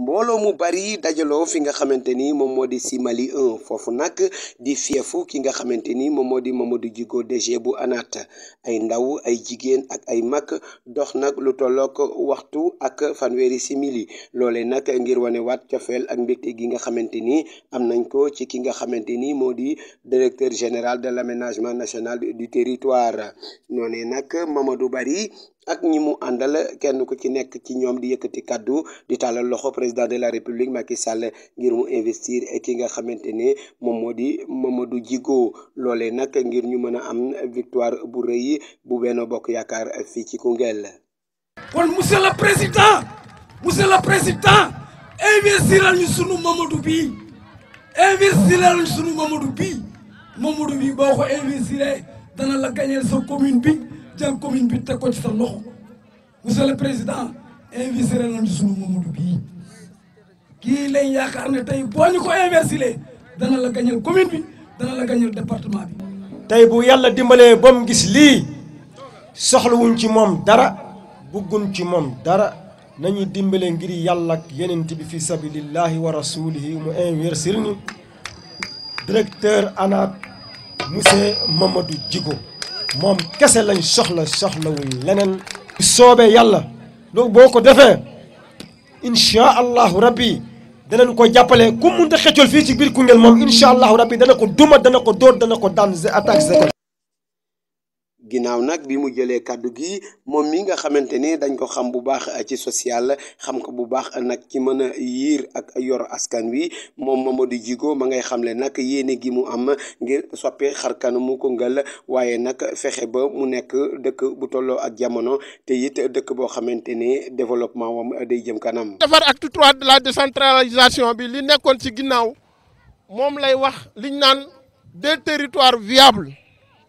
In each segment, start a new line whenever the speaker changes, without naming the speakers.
mbooloo mu bari dajaloo fi nga xamante ni moom moo di si Mali 1 foofu nag di fiefu ki nga xamante ni moom moo di du Djigo DG bu ANAT ay ndaw ay jigéen ak ay mag dox nag lu tollook waxtu ak fanweeri simili loole nag ngir waat cofeel ak mbégte gi nga xamante ni am nañ ko ci ki nga xamante ni moo di directeur général de l'aménagement national du territoire noonee nag du Bari ak ñi mu àndal kenn ku ci nekk ci ñoom di yëkkati kàddu di tàllal loxo président de la république Macky Sall ngir mu investir ki nga xamante ne moom moo di Mamadou Djigo loolee nag ngir ñu mën a am victoire bu rëy bu Benno Bokk Yaakaar fii ci Koungheul. kon monsieur le président monsieur le président
investiral ñu sunu Mamadou bii investiral ñu sunu Mamadou bii Mamadou bii boo ko investiré dana la gañeel sa commune bi. jël commune bi teg ci sa loxo monsieur président investir nañu sunu Mamadou bii kii lañ yaakaar ne tey boo ñu ko investir dana la gañal commune bi dana la gañal département bi. tey bu yàlla dimbalee ba mu gis lii
soxlawuñ ci moom dara bugguñ ci moom dara nañu dimbale ngir yàlla ak yenent bi fi sabilillahi wa rasulihi mu investir ni directeur ANAT monsieur Mamadou Djigo mom kessé lañ soxla soxla wu lenen soobee yàlla loolu boko defé insha allah rabbi dana ko jàppale ku munta xëccol fi ci bir kungel mom insha allah rabbi dana ko
duma dana ko dóor dana ko dan ze attaque ze ko Ginau nak bi mu jëlee kaddu gi moom mi nga xamante ni dañ ko xam bu baax eh, ci social xam ko bu baax nag ci mën a yiir ak yor askan wi moom Mamadou jigo ma ngay xamle nag yéene gi mu am ngir mu ko ngal waaye nag fexe ba mu nekk dëkk bu tolloo ak jamono te it dëkk boo xamante ni développement wam day jëm kanam.
defar acte trois de la décentralisation bi li nekkoon ci ginnaaw moom lay wax liñ naan des territoires viables.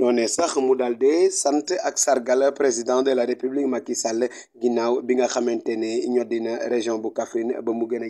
noonee sax mu daal président de la république makisale Sall Binga bi nga région bu Kaffrine ba mu gëna